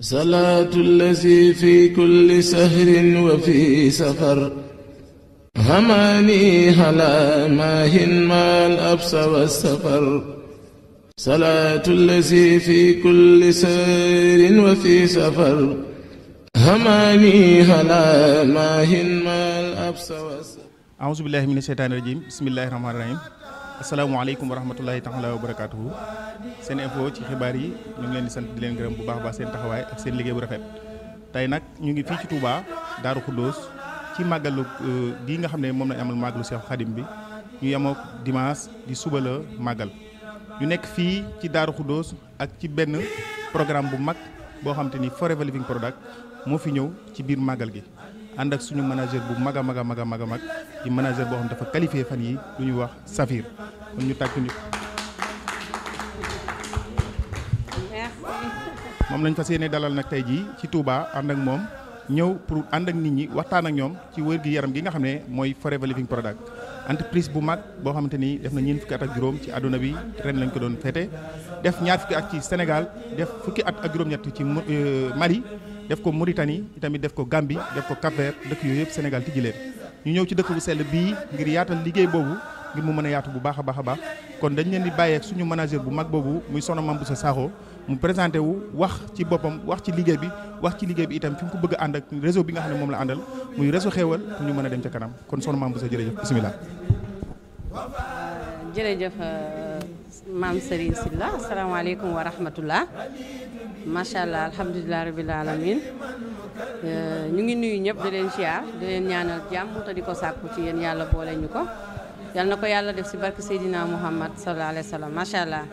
salaatu allazi fi kulli sahrin wa fi safar hamaani halaa maahin maal absa wa safar salaatu allazi fi kulli sahrin wa fi safar hamaani halaa maahin maal absa wa safar. auzu billaahi mina sheytaani rajiim bismillaahi rahmaani rahiim. asalaamaaleykum wa rahmatullahi taala wa barakaatuhu seen info ci xibaar yi ñu ngi leen di sant di leen gërëm bu baax baax seen taxawaay ak seen liggéey bu rafet tey nag ñu ngi fii ci Touba Daaru Xuddoos ci màggalu euh, gii nga xam ne moom lañ amal màggalu Seexu Xadim bi ñu yemook dimaas di suba la màggal ñu nekk fii ci Daaru Xuddoos ak ci benn programme bu mag boo xamte te ni Forever Living Product moo fi ñëw ci biir màggal gi ànd ak suñu manager bu mag a mag a mag a mag a mag di manager boo xam dafa qualifié fan yi lu ñuy wax Safir kon ñu moom lañ fas yéene dalal nag tey jii ci tuuba ànd ak moom ñëw pour ànd ak nit ñi waxtaan ak ñoom ci wér gi yaram gi nga xam ne mooy Forever Living Product entreprise bu mag boo xamante ni def na ñeent fukki at ak juróom ci àdduna bi ren lañ ko doon féete def ñaar fukki at ci Sénégal def fukki at ak juróom-ñett ci euh, Mali. def ko Mauritanie itamit def ko Gambie def ko cap dëkk yooyu yëpp Sénégal tijji leen ñu ñëw ci dëkk bu sell bii ngir yaatal liggéey boobu ngir mu mën a yaatu bu baax a baax a baax kon dañ leen di bàyyeek suñu manager bu mag boobu muy Sokhna Mame sa Sakho mu présenté wu wax ci boppam wax ci liggéey bi wax ci liggéey bi itam fi mu ko bëgg a ànd ak réseau bi nga xam ne moom la àndal muy réseau xéewal pour ñu mën a dem ca kanam kon Sokhna Mame sa jërëjëf bisimilah. jërëjëf euh, maam Serigne Sylla asalaamaaleykum wa rahmatullah macha allah alhamdulilah rabil alamin euh, ñu ngi nuyu ñëpp di leen siyaar di leen ñaanal jàmm te di ko sàkku ci yéen yàlla boole ñu ko yal na ko yàlla def si barke Seydina Muhammad sallallahu alayhi wa macha allah.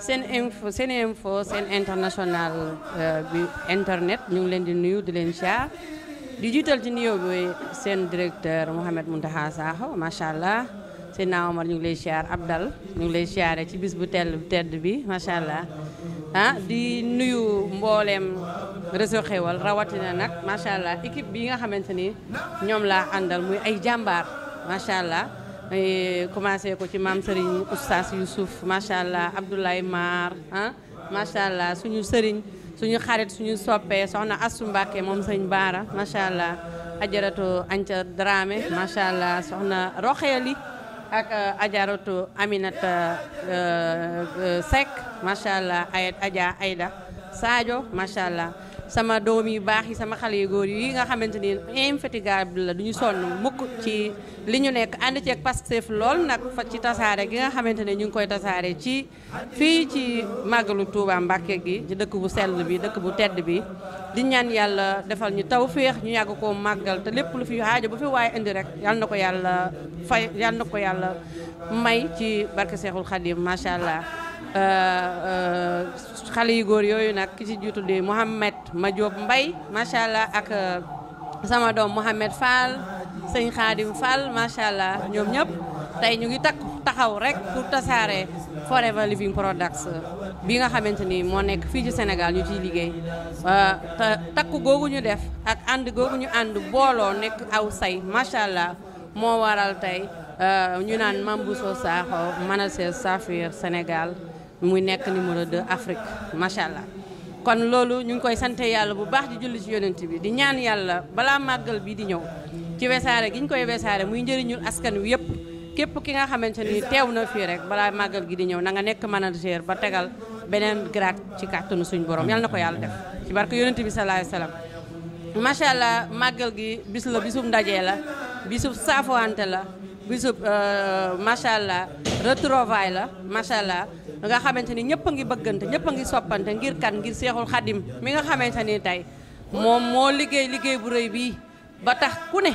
seen info seen info seen international euh, bi internet ñu ngi leen di nuyu di leen siyaar di jiital ci nuyoo bi seen directeur Mouhamed Mountakha Sakho macha allah. Seydina Omar ñu ngi lay siyaar Abdal ñu ngi lay siyaare ci bis bu tell tedd bi macha allah ah di nuyu mbooleem réseau xéwal rawatina nag macha allah équipe bi nga xamante ni ñoom laa àndal muy ay jàmbaar macha allah. Eh, commencé ko ci maam Serigne Oustaz Youssouf macha allah Abdoulaye Mar ah macha allah suñu Serigne suñu xarit suñu soppee soxna Assou Mbacke moom sëñ Baara macha allah ajaratu Anta Dramé macha allah soxna Roxeeli ak eh, ajaratu Aminata eh, eh, Seck macha allah ayet Adja Aida Sadio macha allah sama doom yu baax yi sama xale yu góor yi nga xamante ni infatigable la du ñu sonn mukk ci li ñu nekk ànd ceeg Pastef lool nag fa ci tasaare gi nga xamante ne ñu ngi koy tasaare ci fii ci màggalu Touba Mbàkke gi ci dëkk bu sell bi dëkk bu tedd bi di ñaan yàlla defal ñu tawféex ñu yàgg ko màggal te lépp lu fi aajo bu fi waaye indi rek yal na ko yàlla fay yal na ko yàlla may ci barke Seexul Xadim macha allah. Euh, euh, xale yu góor yooyu nag ki ci jiitu di Mouhamed Madiop mbay macha allah ak euh, sama doom Mouhamed Fall sëñ Khadim Fall macha allah ñoom ñëpp tey ñu ngi takk taxaw rek pour tasaare Forever Living Products bi nga xamante ni moo nekk fii ci senegal ñu ciy liggéey takk googu ñu def ak ànd googu ñu ànd booloo nekk aw say macha allah moo waral tey ñu naan Mame Bousso Sakho Manacel Safir Sénégal. muy nekk numéro 2 Afrique macha allah kon loolu ñu ngi koy sante yàlla bu baax di julli ci yonent bi di ñaan yàlla balaa màggal bi di ñëw ci wesaare gi ñu koy wesaare muy njëriñul askan wi yëpp képp ki nga xamante ni teew na fii rek balaa màggal gi di ñëw na nga nekk manager ba tegal beneen grade ci kàttanu suñ borom yal na ko yàlla def ci barke yonent bi sallallahu alayhi wasallam macha gi bis la bisub ndaje la bisub saafuwante la bisub euh, macha allah retrouvaille la macha allah nga xamante ni ñëpp a ngi bëggante ñëpp a ngi soppante ngir kan ngir seexul xadim mi nga xamante ni tey moom moo liggéey liggéey bu rëy bii ba tax ku ne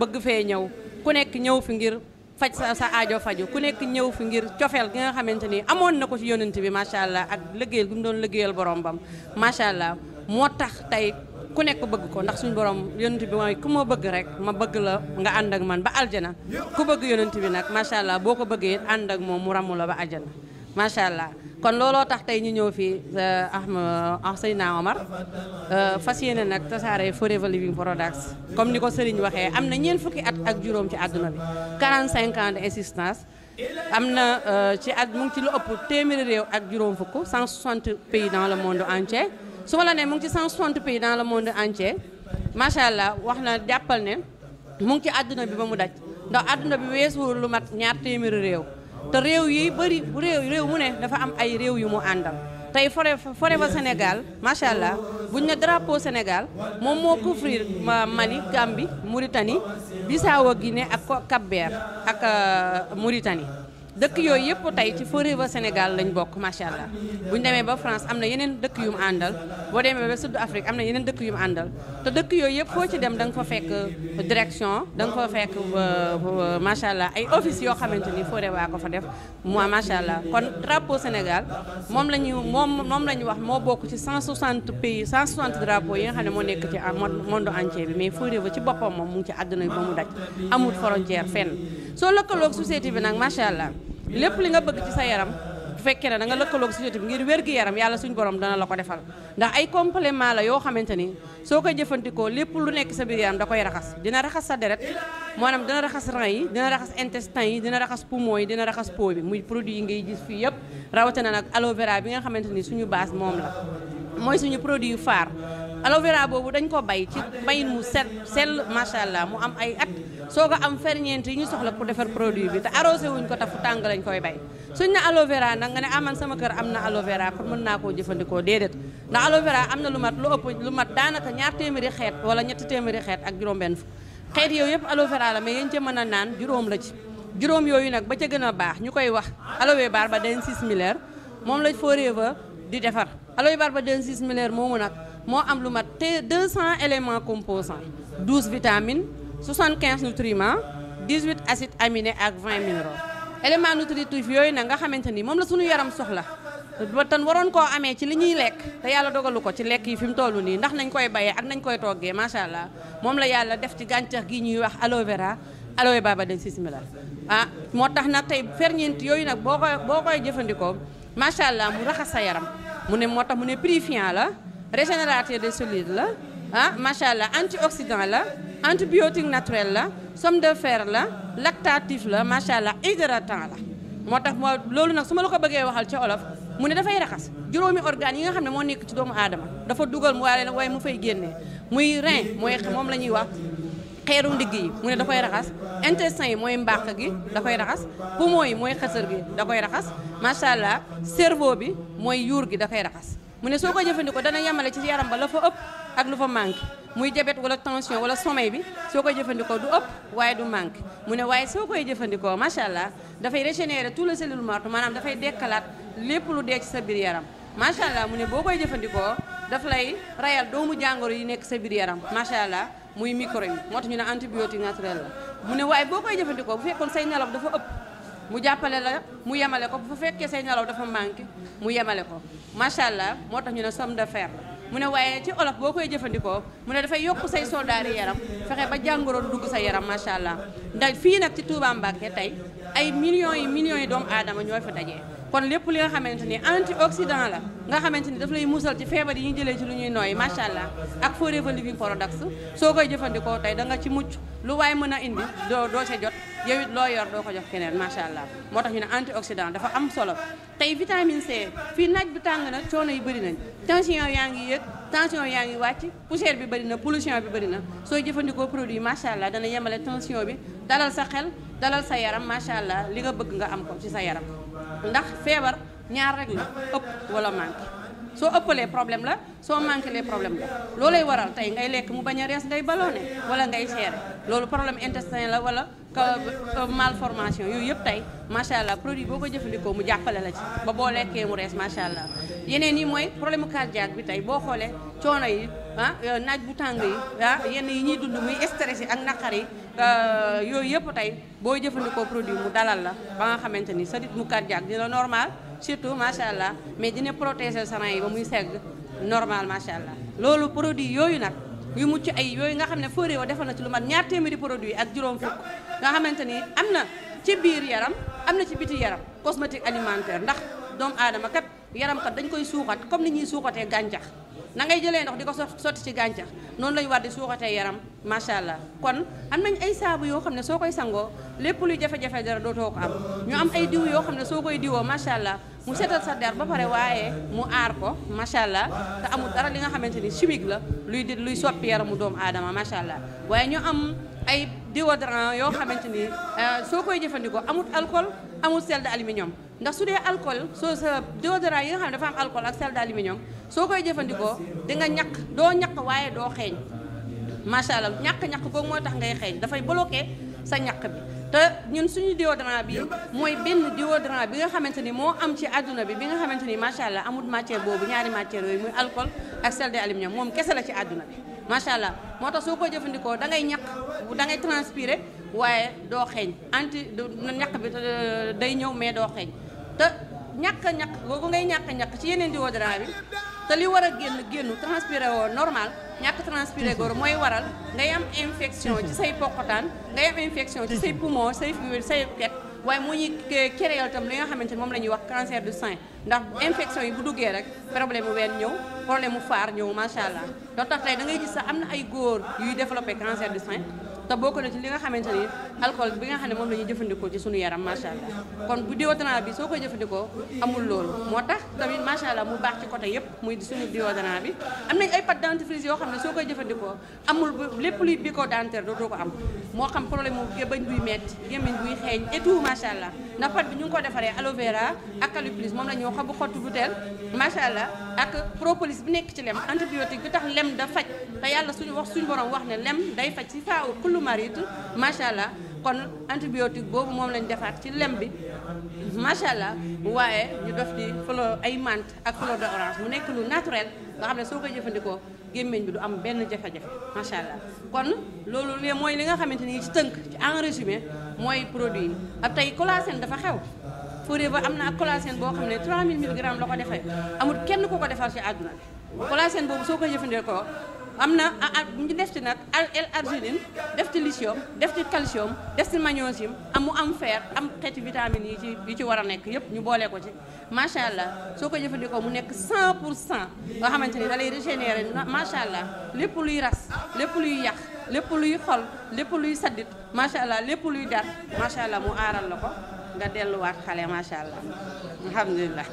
bëgg fee ñëw ku nekk ñëw fi ngir faj sa sa aajo faju ku nekk ñëw fi ngir cofeel gi nga xamante ni amoon na ko ci yonent bi macha allah ak liggéeyal gu mu doon liggéeyal borom bam macha allah moo tax tey ku nekk bëgg ko ndax suñu borom yonent bi mooy ku ma bëgg rek ma bëgg la nga ànd ak man ba aljana ku bëgg yonent bi nag macha allah boo ko bëggee ànd ak moom mu ramu la ba aljana macha allah kon looloo tax tey ñu ñëw fii euh, ah, ah Seydina Omar euh, fas yéene nag tasaare Forever Living Products comme ni ko Serigne waxee am na ñeent fukki at ak juróom ci àdduna bi 45 ans d'existence am na euh, ci at mu ngi ci lu ëpp téeméeri réew ak juróom fukk 160 pays dans le monde entier. su ma la ne mu ngi ci 160 pays dans le monde entier macha allah wax na jàppal ne mu ci àdduna bi ba mu daj ndax àdduna bi weesuwul lu mat ñaar téeméeri réew te réew yi bëri réew réew mu ne dafa am ay réew yu mu àndal tey fore fore Forever Sénégal macha allah buñ ne drapeau Sénégal moom moo couvrir Mali Gambie Mauritanie Bissau Guinée ak Cap-Vert ak euh, Mauritanie dëkk yooyu yëpp tey ci Forever Sénégal lañ bokk macha allah demee ba France am na yeneen dëkk yu mu àndal boo demee ba sud Afrique am na yeneen dëkk yu mu àndal te dëkk yooyu yëpp foo ci dem da nga fa fekk euh, direction danga nga fa fekk euh, euh, macha allah ay office yoo xamante ni Forever ko fa def moi macha allah kon drapeau Sénégal moom la ñu moom moom la ñu wax moo bokk ci 160 pays 160 drapeaux yi nga xam ne moo nekk ci monde entier bi mais Forever ci boppam moom mu ngi ci àdduna bi ba mu daj amul frontière fenn. soo lëkkaloo lëkkaloog société bi nag macha allah lépp li nga bëgg ci sa yaram bu fekkee ne da nga lëkkaloog société bi ngir wér gi yaram yàlla suñu borom dana la ko defal ndax ay complément la yoo xamante ni soo koy jëfandikoo lépp lu nekk sa biir yaram da koy raxas dina raxas sa deret maanaam dana raxas rein yi dina raxas intestin yi dina raxas poumon yi dina raxas peau bi muy produit yi ngay gis fii yëpp rawatina nag aloe bi nga xamante ni suñu baas moom la mooy aloe vera boobu dañ ko bay ci bayit mu set sell macha allah mu am ay at soo ko am ñeent yi ñu soxla pour defar produit bi te arrosé wuñ ko tafu tàng lañ koy bay suñ na aloe nag nga ne aman ah, sama kër am na aloe vera mën naa koo jëfandikoo déedéet ndax aloe vera am na lu mat lu ëpp lu mat daanaka ñaar téeméeri xeet wala ñetti téeméeri xeet ak juróom-benn fukk xeet yooyu yëpp aloe vera la mais yéen ca mën a naan juróom la ci juróom yooyu nag ba ca gën a baax ñu koy wax aloe barba den six milaire moom la forever di defar aloe barba den six milaire moomu nag moo am lu mat te 200 éléments composants 12 vitamines 75 nutriments 18 acides aminés ak 20 minéraux éléments nutritifs yooyu nag nga xamante ni moom la suñu yaram soxla ba tan waroon koo amee ci li ñuy lekk te yàlla dogalu ko ci lekk yi fi mu toll nii ndax nañ koy bayee ak nañ koy toggee macha allah moom la yàlla def ci gàncax gi ñuy wax aloe vera aloe baba dañ si similaire ah moo tax na tey ferñeent yooyu nag boo koy boo koy jëfandikoo macha allah mu raxas sa yaram mu ne moo tax mu ne purifiant la. régénérateur de solides la ah macha allah antioxydant la antibiotique naturel la somme de fer la lactatif la macha allah hydratant la. moo tax moo loolu nag su ma la ko bëggee waxal ci olof mu ne dafay raxas juróomi organes yi nga xam ne moo nekk ci doomu aadama dafa dugal waaye waaye mu fay génnee muy rein mooy moom la ñuy wax. xeeru ndigg yi mu ne da koy raxas intestin yi mooy mbàq gi da koy raxas poumon yi mooy xësër gi da koy raxas macha allah cerveau bi mooy yuur gi da koy mu ne soo ko jëfandikoo dana yemale ci yaram ba la fa ëpp ak lu fa manqué muy diabète wala tension wala sommeil bi soo koy jëfandikoo du ëpp waaye du manqué mu ne waaye soo koy jëfandikoo macha allah dafay régénérer tout le cellule morte dafay dekkalaat lépp lu dee ci biir yaram macha allah mu ne boo koy jëfandikoo daf lay rayal doomu jàngoro yi nekk sa biir yaram macha allah muy micro moo tax ñu ne antibiotique naturel la mu ne waaye boo koy jëfandikoo bu fekkoon say nelaw dafa ëpp. mu jàppale la mu yemale ko bu fekkee say nelaw dafa manqué mu yemale ko macha allah moo tax ñu ne somme de fer mu ne waaye ci olof boo koy jëfandikoo mu ne dafay yokk say soldaari yaram fexe ba jàngoro dugg sa yaram macha allah ndax fii nag ci Touba Mbacké tey ay millions yi millions yi doomu aadama ñoo fi dajee kon lépp li nga xamante ni antioxydant la nga xamante ni daf lay musal ci feebar yi ñuy jëlee ci lu ñuy nooy macha allah ak Forever Living Products soo koy jëfandikoo tey danga ci mucc lu waaye mën a indi doo doo ca jot yow it loo yor doo ko jox keneen macha allah moo tax ñu ne antioxydant dafa am solo tey vitamine C fii naaj bi tàng na coono yi bëri nañ tension yaa ngi yëg tension yaa ngi wàcc poussière bi bëri na pollution bi bëri na sooy jëfandikoo produit macha allah dana yemale tension bi dalal sa xel dalal sa yaram macha allah li nga bëgg nga am ko ci sa yaram. ndax feebar ñaar rek la ëpp wala manqué soo ëppalee problème la soo manqué lee problème la loolay waral tey ngay lekk mu bañ a rees ngay ballonné wala ngay seere loolu problème intestin la wala formation yooyu yëpp tey macha allah produit boo ko jëfandikoo mu jàppale la ci ba boo lekkee mu rees macha allah yeneen yi mooy problème cardiaque bi tey boo xoolee coono yi ah naaj bu tàng yi ah, yenn yi ñuy dund muy stress yi ak naqar yi Euh, yooyu yëpp tey boo jëfandikoo produit mu dalal la ba nga xamante ni sa rythme cardiaque dina normal surtout macha allah mais dina protéger sa rein yi ba muy segg normal macha allah loolu produit yooyu nag ñu mucc ay yooyu nga xam ne Foreo defal na ci lu man ñaar téeméeri produit ak juróom fukk nga xamante ni am na ci biir yaram am na ci biti yaram cosmétique alimentaire ndax doomu aadama kat yaram kat dañ koy suuxat comme ni ñuy suuxatee gàncax. na ngay jëlee ndox di ko sotti ci gàncax noonu lañu war di suuxatee yaram macha allah kon am nañ ay saabu yoo xam ne soo koy sangoo lépp luy jafe-jafe dara dootoo ko am ñu am ay diw yoo xam ne soo koy diwoo macha allah mu setal sa der ba pare waaye mu aar ko macha allah amul dara li nga xamante ni chimique la luy di luy soppi yaramu doomu aadama macha allah waaye ñu am ay déodorant yoo xamante ni euh, soo koy jëfandikoo amut alcool amut sel d'aluminium ndax su dee alcool soo sa déodorant yi nga xam ne dafa am alcool ak sel d'aluminium soo koy jëfandikoo di nga ñàkk doo ñàkk waaye doo xeeñ macha allah ñàkk ñaq boobu moo tax ngay xeeñ dafay bloqué sa ñàkk bi te ñun suñu déodorant bi mooy benn déodorant bi nga xamante ni moo am ci àdduna bi bi nga xamante ni macha allah amul matière boobu ñaari matière yooyu muy alcool ak sel d'aluminium moom kese la ci àdduna bi macha allah moo tax soo koy jëfandikoo da ngay ñàkk da ngay transpirer waaye doo xeeñ anti ñàkk bi day ñëw mais doo xeeñ te ñàkk a ñàkk googu ngay ñàkk a ñàkk ci yeneen déodorant bi te li war a génn génnu transpiré woo normal ñàkk transpiré góor mooy waral ngay am infection ci say poqotaan ngay am infection ci say poumon say say ket waaye moo ñuy kéréel itam li nga xamante ni moom la ñuy wax cancer du sein ndax infection yi bu duggee rek problème mu ween ñëw problème mu faar ñëw macha allah doo tax tey da ngay gis sax am na ay góor yuy développé cancer du sein te boo ko na ci li nga xamante ni alcool bi nga xam ne moom la ñuy jëfandikoo ci suñu yaram macha allah kon bu déodorant bi soo koy jëfandikoo amul loolu moo tax tamit macha allah mu baax ci côté yëpp muy suñu déodorant bi am nañ ay pâte dentifrice yoo xam ne soo koy jëfandikoo amul lépp luy bico dentaire dootoo ko am moo xam problème mu gémmiñ buy metti gémmiñ buy xeeñ et tout allah ndax pâte bi ñu ngi ko defaree aloe vera ak calyplis moom la ñoo bu teel macha allah ak propolis bi nekk ci lem antibiotique bi tax lem da faj te wax suñu borom wax ne lem day faj tout mérite macha allah kon antibiotique boobu moom lañu defaat ci lem bi macha allah waaye ñu def di fleur ay mant ak fleur de orange mu nekk lu naturel nga xam ne soo koy jëfandikoo gémmiñ bi du am benn jafe-jafe macha allah kon loolu lee mooy li nga xamante ni ci tënk ci en résumé mooy produit yi ak tey collagène dafa xew Forever am na ak collagène boo xam ne 3000 mg la ko defee amul kenn ku ko defar ci àdduna bi collagène boobu soo koy jëfandikoo am na ñu def ci nag L-arginine def ci lithium def ci calcium def ci magnésium am mu am fer am xeeti vitamines yi ci yi ci war a nekk yëpp ñu boolee ko ci macha allah soo jëfandikoo mu nekk 100 pour cent nga xamante ni da lay régénérer macha allah lépp luy ras lépp luy yàq lépp luy xol lépp luy saddit macha allah lépp luy dar macha allah mu aaral la ko nga delluwaat xale macha allah alhamdulilah.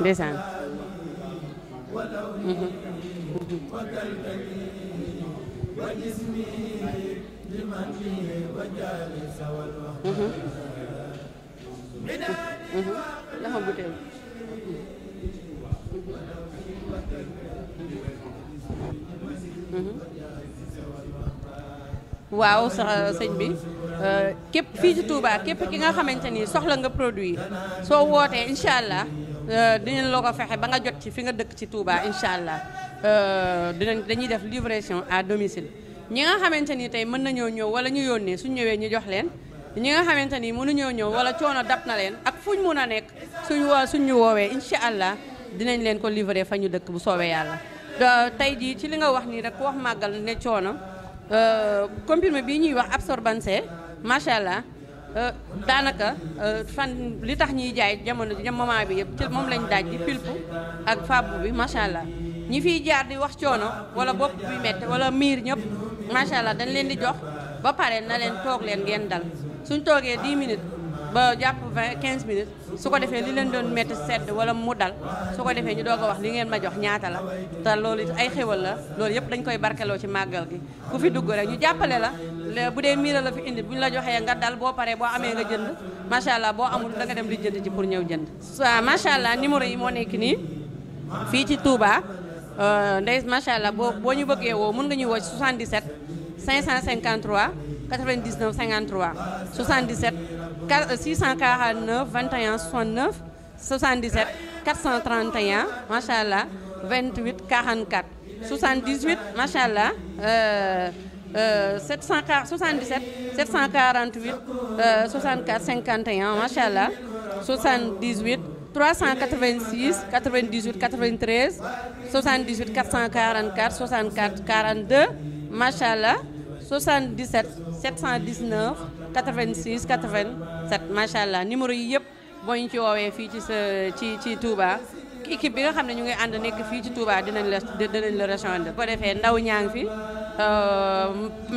ndeysaan dafa butéel waaw sax sëñ bi euh, képp fii ci Touba képp ki nga xamante ni soxla nga produit soo wootee incha allah Euh, dinañ loo ko fexe ba nga jot ci fi nga dëkk ci Touba incha allah euh, dinañ dañuy def livraison à domicile ñi nga xamante ni tey mën nañoo ñëw wala ñu yónnee suñ ñëwee ñu jox leen ñi nga xamante ni mënuñoo ñëw wala coono dab na leen ak fuñ mun a nekk suñ woo suñ ñu woowee incha allah dinañ leen ko livrer fa ñu dëkk bu soobee yàlla euh, tey jii ci li nga wax nii rek wax màggal ne coono comprimé bii ñuy wax absorbance macha allah Euh, daanaka euh, fan li tax ñuy jaay jamono ji moment bi yëpp ci moom lañ daaj di pilpu ak fàbbu bi macha allah ñi fiy jaar di wax coono wala bopp bi métti wala miir ñëpp macha allah dañ leen di jox ba pare na leen toog leen ngeen dal suñ toogee 10 minutes ba jàpp 20 quinze minutes su ko defee li leen doon métti sedd wala mu dal su ko defee ñu doo ko wax li ngeen ma jox ñaata la te lool it ay xéwal la loolu yëpp dañ koy barkeloo ci màggal gi ku fi dugg rek ñu jàppale la bu dee miira la fi indi bu ñu la joxee nga dal boo paree boo amee nga jënd macha allah boo amul da nga dem di jënd ci pour ñëw jënd. waaw macha allah numéro yi moo nekk nii fii ci Touba euh, ndey macha allah boo boo ñu bëggee woo mën nga ñuy woo ci 77 553 99 53 77 649 21 69 77 431 macha allah 28 44 78 macha allah. Euh, 777 748 64 51 macha allah 78 386 98 93 78 444 64 42 macha allah 77 719 86 87 macha allah numéro yi yëpp boo ñu ci woowee fii ci sa ci ci Touba. équipe bi nga xam ne ñu ngi ànd nekk fii ci Touba dinañ la dinañ la rechante defee ndaw ñaa fi euh,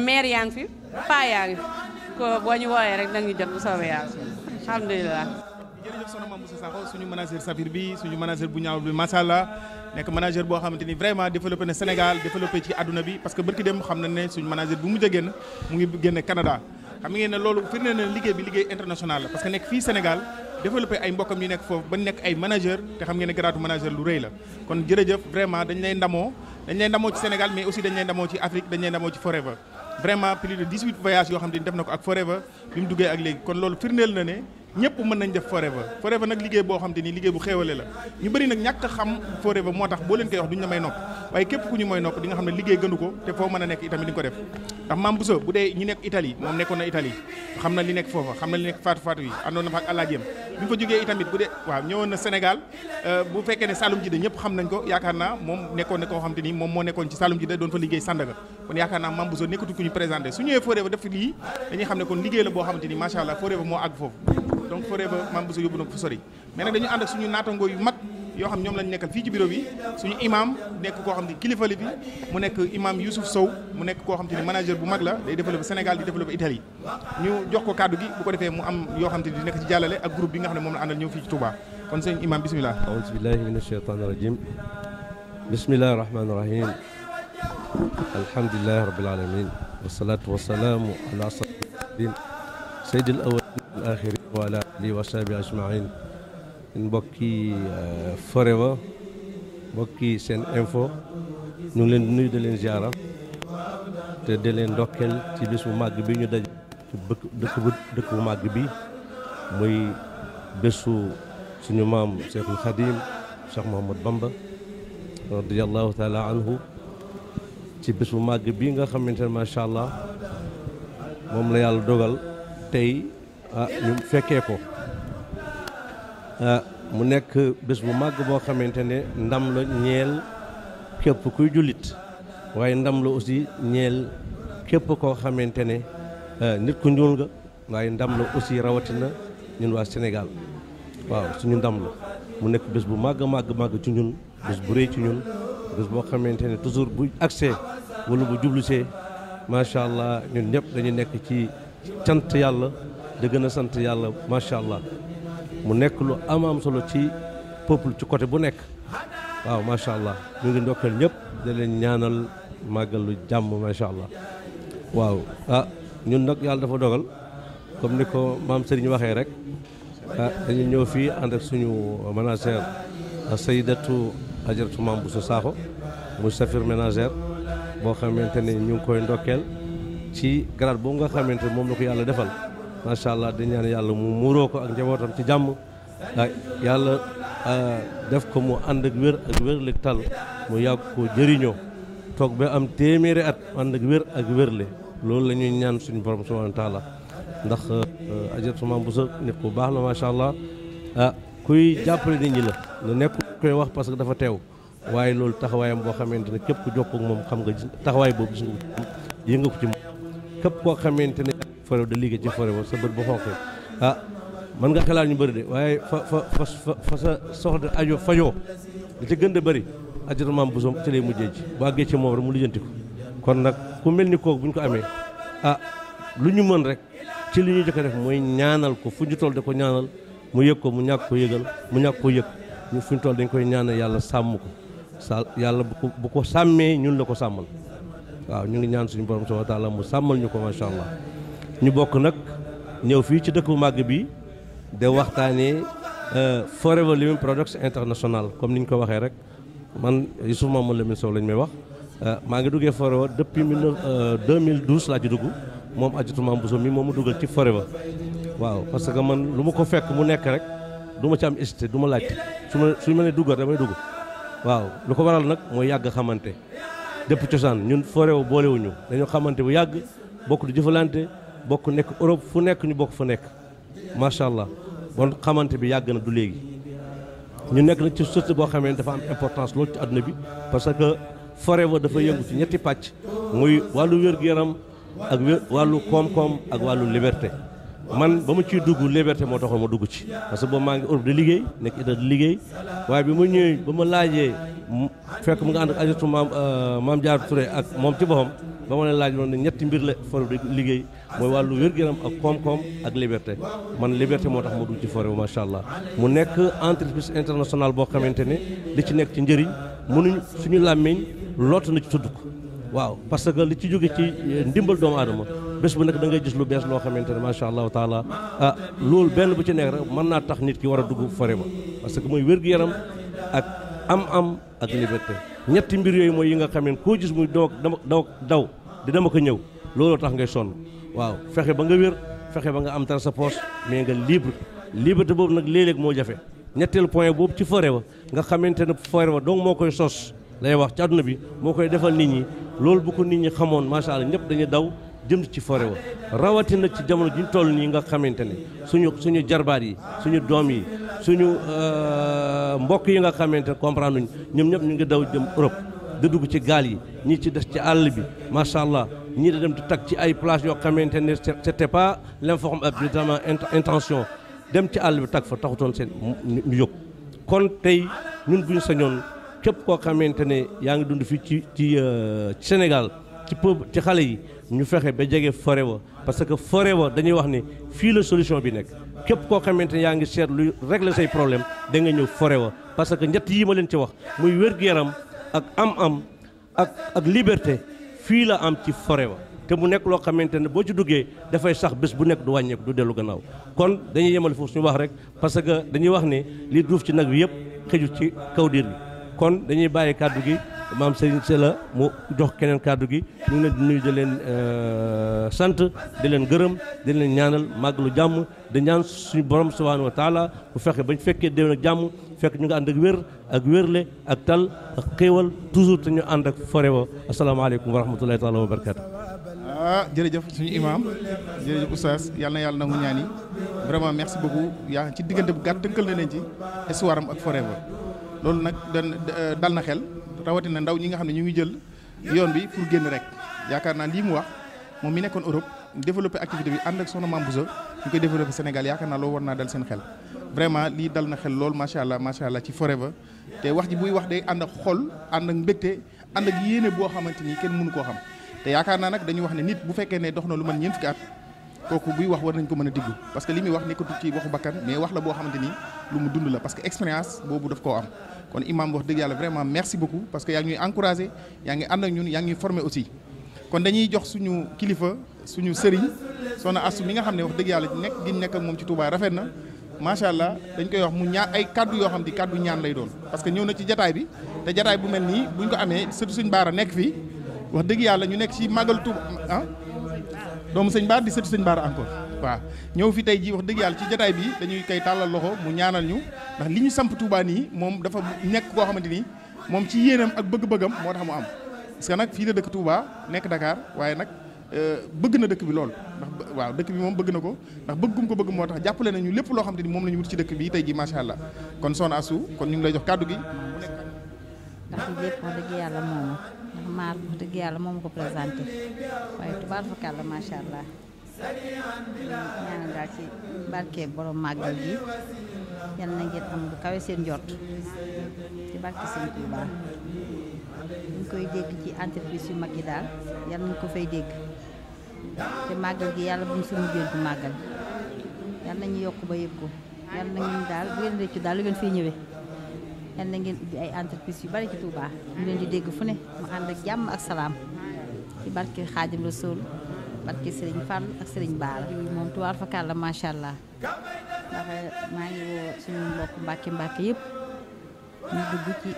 mair yaa fi pa yaa ngi fi ko boo ñu wooyee rek danga ngi jot bu soobee yàlla alhamdulilah jërëjëf soxna Mame Moussa Sakho suñu manager Safir bi suñu manager bu ñaaw bi macha allah nekk manager boo xam xamante ni vraiment développé na Sénégal développé ci àdduna bi parce que barki dem xam na ne suñu manager bu mujj a génn mu ngi génn Canada xam ngeen loolu firnde na liggéey bi liggéey international la fii Sénégal développé ay mbokkam ñu nekk foofu ba nekk ay manager te xam ngeen garaatu manager lu rëy la kon jërëjëf vraiment dañ lay ndamoo dañ lay ndamoo ci Sénégal mais aussi dañ lay ndamoo ci Afrique dañ lay ndamoo ci Forever vraiment plus de 18 voyages yoo xam ne def na ko ak Forever bi mu duggee ak léegi kon loolu firndeel na ne ñëpp mën nañ def forever forever nag liggéey boo xam te ni liggéey bu xéewale la ñu bëri nag ñàkk xam forever moo tax boo leen ko te a nekk itamit di nga ko def ndax maam Bousso bu dee nekk Italie moom nekkoon na Italie xam na xam na bu fekkee ne Saloum Jide ñëpp xam nañ ko yaakaar naa moom nekkoon moo nekkoon ci Saloum Jide doon fa liggéey maam Bousso nekkatu ku ñu présenté su ñëwee forever def lii dañuy xam ne kon liggéey la boo xamante ni macha allah forever moo àgg foofu donc forever maam Bousso yóbbu na ko fa sori mais nag dañu ànd ak suñu naatangoo yu mag yoo xam ñoom lañ nekkal fii ci bureau bi suñu imam nekk koo xam ne kilifa la bi mu nekk imam Youssouf Sow mu nekk koo xam te ne manager bu mag la day développé Sénégal di développé Italie ñu jox ko kàddu gi bu ko defee mu am yoo xam te di nekk ci jàllale ak groupe bi nga xam ne moom la àndal ñëw fii ci Touba kon sëñ imam bisimilah aouzu billahi min ashaytan irajim bismillahi rahmani rahim alhamdulilahi alaaxiri wa alaa aalihi wa sahbihi ajmaïn mbokki Forever mbokki seen info ñu ngi leen di nuyu di leen te di leen ndokkeel ci bés bu màgg bi ñu daj ci dëkk bu dëkk màgg bi muy bésu suñu maam Cheikhul Khadim Cheikh Mouhamad Bamba radiallahu taala anhu ci bés bu màgg bi nga xamante ne macha allah moom la yàlla dogal tey ah ñu fekkee ko ah, mu nekk bés bu màgg boo xamante ne ndam la ñeel képp kuy jullit waaye ndam la aussi ñeel képp koo xamante ne ah, nit ku ñuul nga waaye ndam la aussi rawatina ñun waa Sénégal waaw suñu ndam la mu nekk bés bu màgg màgg màgg ci ñun bés bu rëy ci ñun bés boo xamante ne toujours bu accès wala bu jublusee macha allah ñun ñëpp dañu nekk ci cant yàlla da gën sant yàlla macha allah mu nekk lu am am solo ci peuple ci côté bu nekk waaw macha allah ñu ngi ndokkal ñëpp da ñaanal ñaanal lu jàmm macha allah waaw ah ñun nag yàlla dafa dogal comme ni ko maam Serigne waxee rek a ah, dañu ñëw fii ànd ak suñu ménagère ah, Saydatu Ajaratu Maam Bousso Sakho muy safir ménagère boo xamante ni ñu ngi koy ndokkeel ci grade boo nga xamante moom la ko yàlla defal macha allah di ñaan yàlla mu muuroo ko ak njabootam ci jàmm ah, yàlla ah, def ko mu ànd ak wér ak wér lig tal mu yàgg ko jëriñoo toog ba am téeméeri at ànd ak wér ak wérle loolu la ñuy ñaan suñu borom subhanahu wa taala ndax ah, ajab sama bu sa nit ku baax la macha allah ah kuy jàppale nit ñi la lu nekk koy wax parce que dafa teew waaye loolu taxawaayam boo xamante ne képp ku jokkoo ak moom xam nga taxawaay boobu gis nga ko ci moom képp koo xamante ne forêt da liggéey ci forêt boobu sa bët bu xonqee a ah, man nga xalaat ñu bëri de waaye fa fa fa sa soxla ajo fajoo li ci gën de bëri ajota maam bu soom ci lay mujjee ji bu àggee ci moom mu lijjanti ko kon nag ku mel ni kooku bu ñu ko amee a ah, lu ñu mën rek ci li ñu jëkk def mooy ñaanal ko fu ñu toll da ko ñaanal mu yëg ko mu ñàkk ko yëgal mu ñàkk ko yëg ñu fu dañ koy ñaanal yàlla sàmm ko sa yàlla bu ko bu ko sàmmee ñun la ko sàmmal waaw ñu ngi ñaan suñu borom subhanahu wa taala mu sàmmal ñu ko macha ñu bokk nag ñëw fii ci dëkku màgg bi de waxtaanee euh, Forever Living Products International comme ni ñu ko waxee rek man ma Mamadou Lamine Sow lañ may wax euh, maa ngi duggee Forever depuis 2012 euh, laa ci dugg moom ajatu maam Bousso mi moom mu duggal ci Forever waaw parce que man lu ma ko fekk mu nekk rek du ma ci am hésité du ma laaj su ma suñu ma nee duggal damay dugg waaw lu ko waral nag mooy yàgg xamante dëpp cosaan ñun Forever boolewuñu dañoo xamante bu yàgg bokk nekk Europe fu nekk ñu bokk fa nekk macha allah bon xamante bi yàgg na du léegi ñu nekk nag ci société boo xamee ne dafa am importance loolu ci àdduna bi parce que Forever dafa yëngu ci ñetti pàcc muy wàllu wér-gu-yaram ak wàllu koom-koom ak wàllu liberté man ba ma ciy dugg liberté moo taxoon ma dugg ci parce que boobu maa ngi Europe di liggéey nekk Italie di liggéey waaye bi ma ñëwee ba ma laajee fekk mu nga ànd ak ajatu maam maam Jaar ak moom ci boppam ba ma leen laaj loon ne ñetti mbir la forêt di liggéey mooy wàllu wér-gu-yaram ak koom-koom ak liberté man liberté moo tax ma dugg ci forêt bi macha allah mu nekk entreprise internationale boo xamante ne li ci nekk ci njëriñ mënuñ suñu làmmiñ loot na ci tudd ko waaw parce que li ci jóge ci eh, ndimbal doomu aadama bés bu nekk da ngay gis lu bees loo xamante ne macha allah taala ah loolu benn bu ci nekk rek mën naa tax nit ki war a dugg forêt ba parce que mooy wér yaram ak am-am ak ñetti mbir yooyu mooy yi nga xamee koo gis muy daw daw daw di dama ko ñëw looloo tax ngay sonn waaw fexe ba nga wér fexe ba nga am tal sa poche mais nga libre liberté boobu nag léeg moo jafe ñetteelu point boobu ci fore ba nga xamante ne fore ba donc moo koy sos lay wax ci àdduna bi moo koy defal nit ñi loolu bu ko nit ñi xamoon macha allah ñëpp dañuy daw jëm ci forêt wa rawatina ci jamono ji ñu toll nii nga xamante ne suñu suñu jarbaat yi suñu doom yi suñu euh, mbokk yi nga xamante ne comprendre nuñ ñoom ñëpp ñu ngi daw jëm Europe da ci gaal yi ñii ci des ci àll bi macha allah ñii da dem di tag ci ay place yoo xamante ne c'était pas l'informe euh, absolument intention dem ci àll bi tag fa taxutoon seen ñu kon tey ñun sa ñoon képp koo xamante ne yaa ngi dund fii ci ci euh, Sénégal ci peuple ci xale yi ñu fexe ba jege fore forever parce que forever dañuy wax ni fii la solution bi nekk képp koo xamante ne yaa ngi seet luy régler say problème da nga ñëw forever parce que ñett yi ma leen ci wax muy wér-gu-yaram ak am-am ak ak liberté fii la am ci fore forever te mu nekk loo xamante ne boo ci duggee dafay sax bés bu nekk du wàññeeku du dellu gannaaw kon dañuy yemale foofu suñu wax rek parce que dañuy wax ni li duuf ci nag wi yëpp xëju ci kaw bi kon dañuy bàyyi kàddu gi. maam Serigne Sylla mu jox keneen kàddu gi ñu ngi leen di nuyu di leen euh, sant di leen gërëm di leen ñaanal màggalu jàmm di ñaan suñu borom subhaanahu wa taala bu fekkee bañ fekkee déwén jàmm fekk ñu nga ànd ak wér ak wérle ak tal ak xéewal toujours te ñu ànd ak forewo asalaamaaleykum wa rahmatulahi taala wa barakatu ah jërëjëf suñu imam jërëjëf oustaz yàlla na yàlla nangu ñaan yi vraiment merci beaucoup yaa ci diggante bu gàtt tënkal na leen ci histoire am ak forewo loolu nag dal na xel rawatina ndaw ñi nga xam ne ñu ngi jël yoon bi pour génn rek yaakaar naa lii mu wax moom mi nekkoon Europe développé activité bi ànd ak soxna Mame Bousso ñu koy développé Sénégal yaakaar naa loolu war naa dal seen xel vraiment lii dal na xel lool macha allah macha la ci forever te wax ji buy wax day ànd ak xol ànd ak mbégte ànd ak yéene boo xamante ni kenn mënu koo xam te yaakaar naa nag dañu wax ne nit bu fekkee ne dox na lu mën ñeent fukki at kooku wax war nañ ko mën a que li muy wax nekkatu ci waxu bakkan mais wax la boo xamante ni mu dund la parce que expérience boobu daf koo am kon imam wax dëgg yàlla vraiment merci beaucoup parce que yaa ngi ñuy encouragé yaa ngi ànd ak ñun yaa ngi ñuy aussi kon dañuy jox suñu kilifa suñu sëriñ soxna Astou mi nga xam ne wax dëgg yàlla nekk gi nekk moom ci Touba rafet na macha allah dañ koy wax mu ñaan ay kàddu yoo xam ne kàddu ñaan lay doon parce que ñëw na ci jataay bi te jataay bu mel nii buñ ko amee surtout suñ baara nekk fii wax dëgg yàlla ñu nekk ci màggal Touba ah doomu sëñ baar di surtout sëñ baara encore quoi ñëw fi tey jii wax dëgg yàlla ci jataay bi dañuy koy tàllal loxo mu ñaanal ñu ndax li ñu samp tuubaa nii moom dafa nekk koo xamante ni moom ci yéenam ak bëgg-bëggam moo tax mu am parce que nag fii la dëkk tuubaa nekk Dakar waaye nag euh, bëgg na dëkk bi lool ndax waaw dëkk bi moom bëgg na ko ndax bëggum ko bëgg moo tax jàppale nañu lépp loo xamante ni moom la ñu wut ci dëkk bi tey jii macha allah kon soxna Astou kon ñu ngi lay jox kàddu gi. ndax lépp wax dëgg yàlla moom kàlla macha allah ñaanal daal ci barke borom màggal gi yal na ngeen am lu kawe seen njort ci barke seen Touba ñu koy dégg ci entreprise yu mag yi daal yal nañ ko fay dégg te màggal gi yàlla buñ suñu jël bu màggal yal yokk ba yëg ko yal na ngeen daal bu ngeen réccu daal lu ngeen fiy ñëwee yal na ngeen ubbi ay entreprise yu bari ci Touba ñu leen di dégg fu ne mu ànd ak jàmm ak salaam ci barke Xaadim Rasuul barki sëriñ Fall ak sëriñ Baara yooyu moom tuwaar fa kàlla macha allah ndax eh, maa ngi woo suñu mbokk mbàkki mbàkki yëpp ñu dugg ci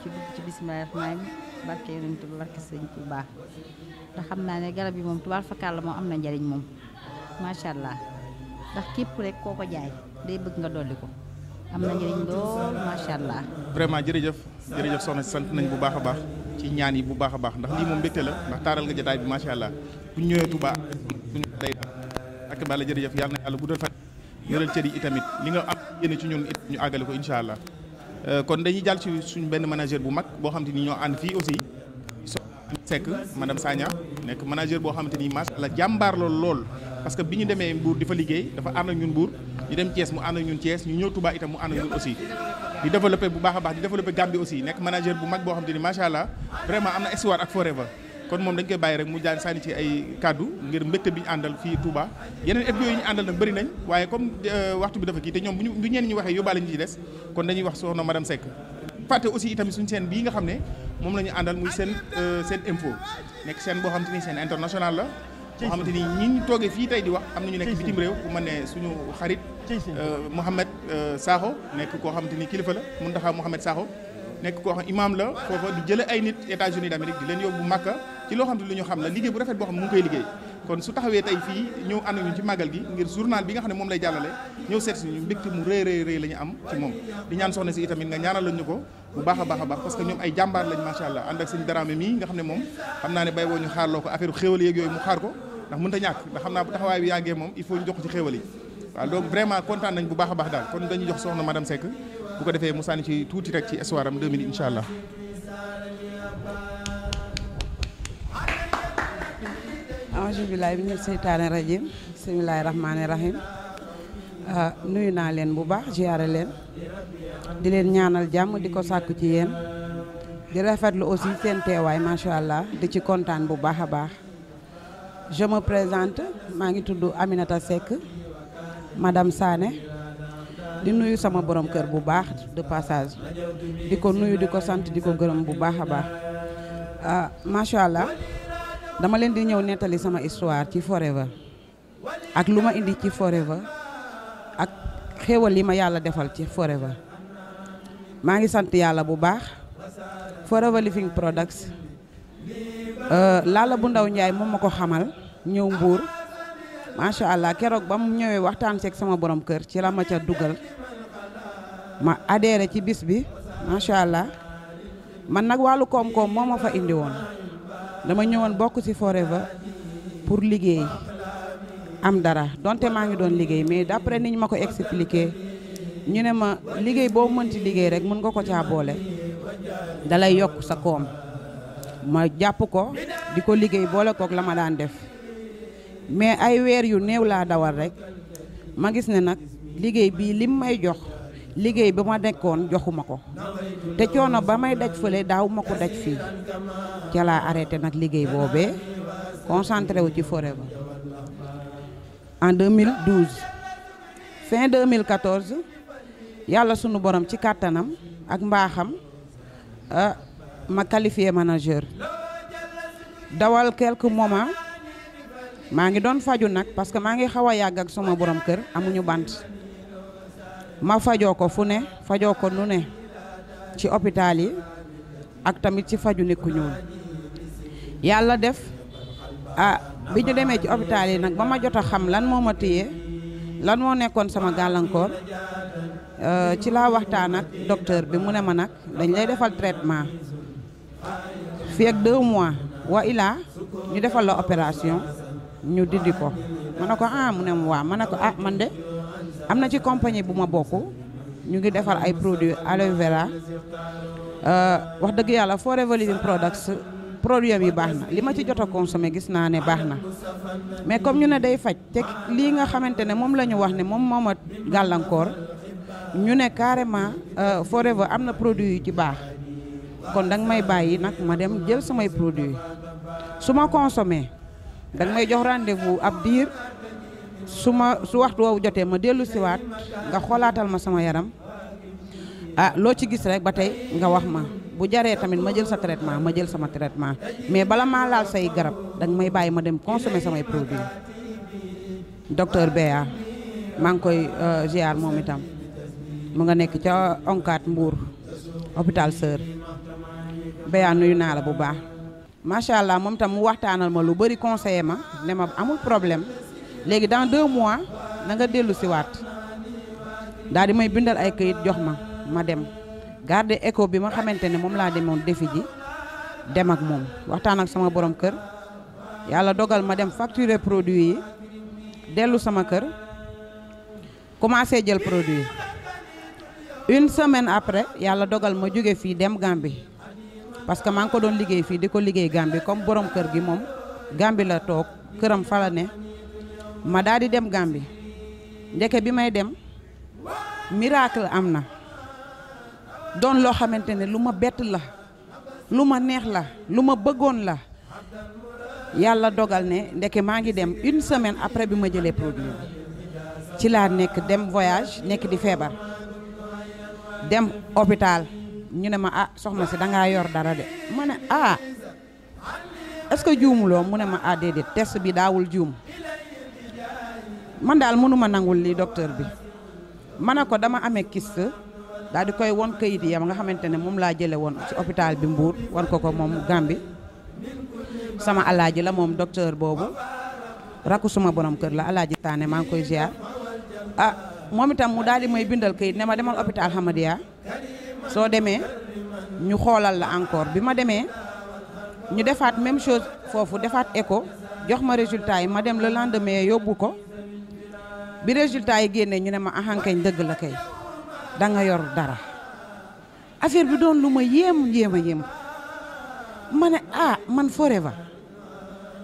ci dugg ci bisimilah maa ngi barke yonent bi barke sëriñ Touba te xam naa ne garab yi moom tuwaar fa la moom am na njariñ moom macha allah ndax képp rek koo ko jaay day bëgg nga dolli ko am na njëriñ lool macha allah. vraiment jërëjëf jërëjëf soxna sant nañ bu baax a baax ci ñaan yi bu baax a baax ndax lii moom la ndax taaral nga jotaay macha allah. bu ñu ñëwee Touba suñu day ak bala jërëjëf yàlla na yàlla guddal fa yoral cër yi itamit li nga am yéene ci ñun it ñu àggale ko incha allah euh, kon dañuy jàll ci suñu benn manager bu mag boo xam te ni ñoo ànd fii aussi sekk madame Sagna nekk manager boo xamante ni macha allah jàmbaar lool lool parce que bi ñu demee Mbour di fa liggéey dafa ànd ak ñun Mbour ñu dem Thiès mu ànd ak ñun Thiès ñu ñëw Touba itam mu ànd ak ñun aussi di développé bu baax a baax di développé Gambie aussi nekk manager bu mag boo xamante ni macha allah vraiment am na espoir ak forever kon moom dañ koy bàyyi rek mu jaan sànni ci ay kàddu ngir mbégte bi ñu àndal fii Touba yeneen FBO yi ñu àndal nag bëri nañ waaye comme euh, waxtu bi dafa kii te ñoom bu ñu bu ñeen ñu waxee yóbbaale ñu ci des kon dañuy wax soo soxna madame Seck fàtte aussi itamit suñu seen bii nga xam ne moom la ñu àndal muy seen euh, seen info nekk seen boo xam te ni seen international la boo xamante ni ñi ñu toogee fii tey di wax am na ñu nekk bitim réew ku mën ne suñu xarit euh, Mouhamed Sakho nekk koo xamante ni kilifa la Mountakha Mouhamed Sakho nekk koo xam la foofa di jële ay nit États-Unis d'Amérique di leen yóbbu Makka ci loo xam ne lu ñu xam la liggéey bu rafet boo xam ne mu ngi koy liggéey kon su taxawee tey fii ñëw ànd ci màggal gi ngir journal bi nga xam ne moom lay jàllale ñëw seet suñu mbégte mu rëy rëy rëy la ñu am ci moom di ñaan soxna si itamit nga ñaanal lañu ko bu baax a baax a baax parce que ñoom ay jàmbaar lañ macha allah ànd ak seen daraame mii nga xam ne moom xam naa ne bay woo ñu xaarloo ko affaire xéewal yeeg yooyu mu xaar ko ndax mënta ñàkk ndax xam naa bu taxawaay a baax daal kon dañuy jox tuuti rek ci auzu billaahi mina seytaane rajiim bismillaahi rahmaani rahiim ah, nuyu naa leen bu baax ziyaare leen di leen ñaanal jàmm di ko sàkku ci yéen di rafetlu aussi seen teewaay macha allah di ci kontaan bu baax a baax je me maa ngi tudd Aminata Seck madame Sané di nuyu sama borom kër bu baax de passage di ko nuyu di ko sant di ko gërëm bu baax a baax ah, macha allah. dama leen di ñëw nettali sama histoire ci Forever ak lu ma indi ci Forever ak xéewal yi ma yàlla defal ci Forever maa ngi sant yàlla bu baax Forever Living Products euh, Lalla bu ndaw Njaay moom ma ko xamal ñëw mbuur macha allah keroog ba mu ñëwee waxtaan seeg sama borom kër ci la ma ca dugal ma adhéré ci bis bi macha allah man nag wàllu koom-koom moo ma fa indi woon dama ñëwoon bokk ci Forever pour liggéey am dara donte maa ngi doon liggéey mais d'après ni ñu ma ko expliqué ñu ne ma liggéey boo mënti liggéey rek mën nga ko caa boole dalay yokk sa koom ma jàpp ko di ko liggéey boole kook la ma daan def mais ay weer yu néew laa dawal rek ma gis ne nag liggéey bii lim may jox liggéey bi ma nekkoon joxuma ko te coono ba may daj fale daaw ma ko daj fii ca laa arrêté nag liggéey boobee concentré wu ci fore ba en 2012 fin 2014 yàlla sunu borom ci kàttanam ak mbaaxam ah ma qualifié manager dawal quelques moments maa ngi doon faju nag parce que maa ngi xaw a yàgg ak sama borom kër amuñu bant ma fajoo ko fu ne fajoo ko nu ne ci hôpital yi ak tamit ci faju nit ku yàlla def ah bi ñu demee ci hôpital yi nag ba ma jot a xam lan moo ma téye lan moo nekkoon sama gàllankoor euh, ci laa waxtaan ak docteur bi mu ne ma nag dañ lay defal traitement fii ak deux mois wa ilaa ñu defal la opération ñu dindi ma ne ko ah, mu ne ma waa ma ne ko ah, man de am na ci compagnie bu ma bokk ñu ngi defar ay produits aloe vera euh, wax dëgg yàlla Forever Living Products produit yi baax na li ma ci jot a consommé gis naa ne baax na mais comme ñu ne day faj te lii nga xamante ne moom la ñu wax ne moom moo ma gàllankoor ñu ne carrément euh, Forever am na produit yu ci baax kon danga may bàyyi nag ma dem jël samay produit su ma consommé danga may jox rendez-vous ab diir. su ma su waxtu woowu jotee ma dellu siwaat nga xoolaatal ma sama yaram ah loo ci gis rek ba tey nga wax ma bu jaree tamit ma jël sa traitement ma jël sama traitement mais bala maa laal say garab danga may bàyyi ma dem consommer samay produits docteur Béa maa ngi koy euh, ziar moom itam mu nga nekk ca onkaat Mbour hôpital Sœur Béa nuyu naa la bu baax macha allah moom itam mu waxtaanal ma lu bëri conseiller ma ne ma amul problème léegi dans deux mois na nga dellu si waat daal di may bindal ay kayit jox ma ma dem garde écho bi ma xamante ne moom laa demoon defi ji dem ak moom waxtaan ak sama borom kër yàlla dogal ma dem facturer produit yi dellu sama kër commencé jël produi une semaine après yàlla dogal ma jóge fii dem Gambie parce que maa ngi ko doon liggéey fii di ko liggéey Gambie comme borom kër gi moom Gambie la toog këram fa ne ma daal di dem Gàmbi ndeke bi may dem miracle am na doon loo xamante ne lu ma bett la lu ma neex la lu ma bëggoon la yàlla dogal ne ndeke maa ngi dem une semaine après bi ma jëlee produit bi ci laa nekk dem voyage nekk di feebar dem hôpital ñu ne ma ah soxna si dangaa yor dara de ma ne ah est-ce que juumuloo mu ne ma ah déedéet test bi daawul juum man daal mënuma nangul lii docteur bi ma ne ko dama amee kyste daal di koy won kayit yi yam nga xamante ne moom laa jële woon ci hôpital bi Mbour wan ko ko moom Gambie sama alaaji la moom docteur boobu rakku suma borom kër la alaaji Tane maa ngi koy ziar ah moom itam mu daal di may bindal kayit ne ma demal hôpital Hamadia soo demee ñu xoolal la encore bi ma demee ñu defaat même chose foofu defaat écho jox ma résultat yi ma dem le lendemain yóbbu ko bi résultat yi génnee ñu ne ma ahankañ dëgg la kay da nga yor dara affaire bi doon lu ma yéem yéem a yéem ma ne ah man forever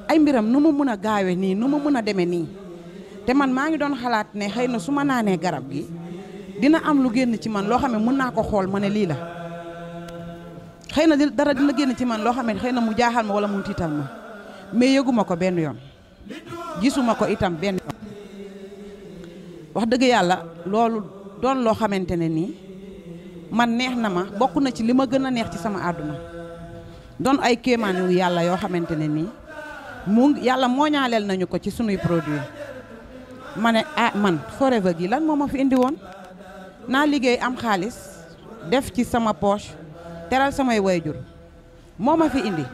ay mbiram nu ma mën a gaawe nii nu ma mën a demee nii te man maa ngi doon xalaat ne xëy na su ma naanee garab gi dina am lu génn ci man loo xam ne mën naa ko xool ma ne lii la xëy na dara dina génn ci man loo xam ne xëy na mu jaaxal ma wala mu tiital ma mais yëguma ko benn yoon gisuma ko itam benn yoon wax dëgg yàlla loolu doon loo xamante ne nii man neex na ma bokk na ci li ma gën a neex ci sama àdduna doon ay kéemaan yàlla yoo xamante ne nii mu yàlla mooñaaleel nañu ko ci sunuy produit ma ne ah man Forever gi lan moo ma fi indi woon naa liggéey am xaalis def ci sama poche teral samay wayjur moo ma fi indi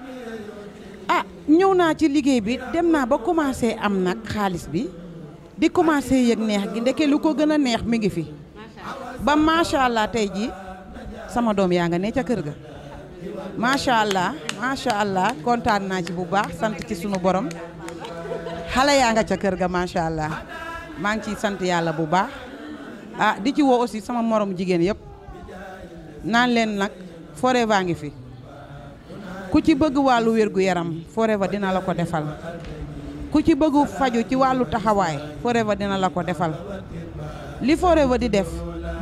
ah ñëw naa ci liggéey bi dem naa ba commencé am nag xaalis bi di commencé yëg neex gi ndeke lu ko gën a neex mi ngi fi ba macha allah tey jii sama doom yaa nga ne ca kër ga. macha allah macha allah kontaan naa ci bu baax sant ci sunu borom xale yaa nga ca kër ga macha allah maa ngi ciy sant yàlla bu baax ah di ci woo aussi sama morom jigéen yëpp naan leen nag Forever ngi fi ku ci bëgg wàllu wér gu yaram Forever dina la ko defal. ku ci bëggu faju ci wàllu taxawaay Forever dina la ko defal li foore Forever di def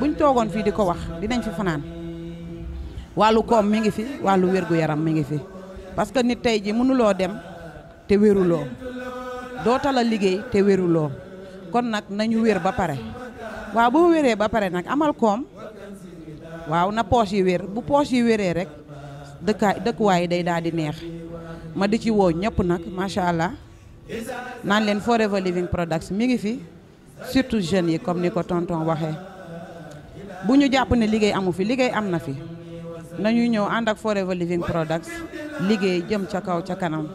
buñ toogoon fii di ko wax dinañ fi fanaan wàllu koom mi ngi fi wàllu wirgu yaram mi ngi fi parce que nit tey ji mënuloo dem te wéruloo doo tala liggéey te wéruloo kon nag nañu wér ba pare waaw bu wéree ba pare nag amal koom waaw na poos yi wér bu yi wéree rek dëkkaay dëkkuwaay yi day daal di neex ma di ci woo ñëpp nag macha allah naan leen Forever Living Products mi ngi fi surtout jeunes yi comme ni ko tonton waxee bu ñu jàpp ne liggéey amu fi liggéey am na fi nañuy ñëw ànd ak Forever Living Products liggéey jëm ca kaw ca kanam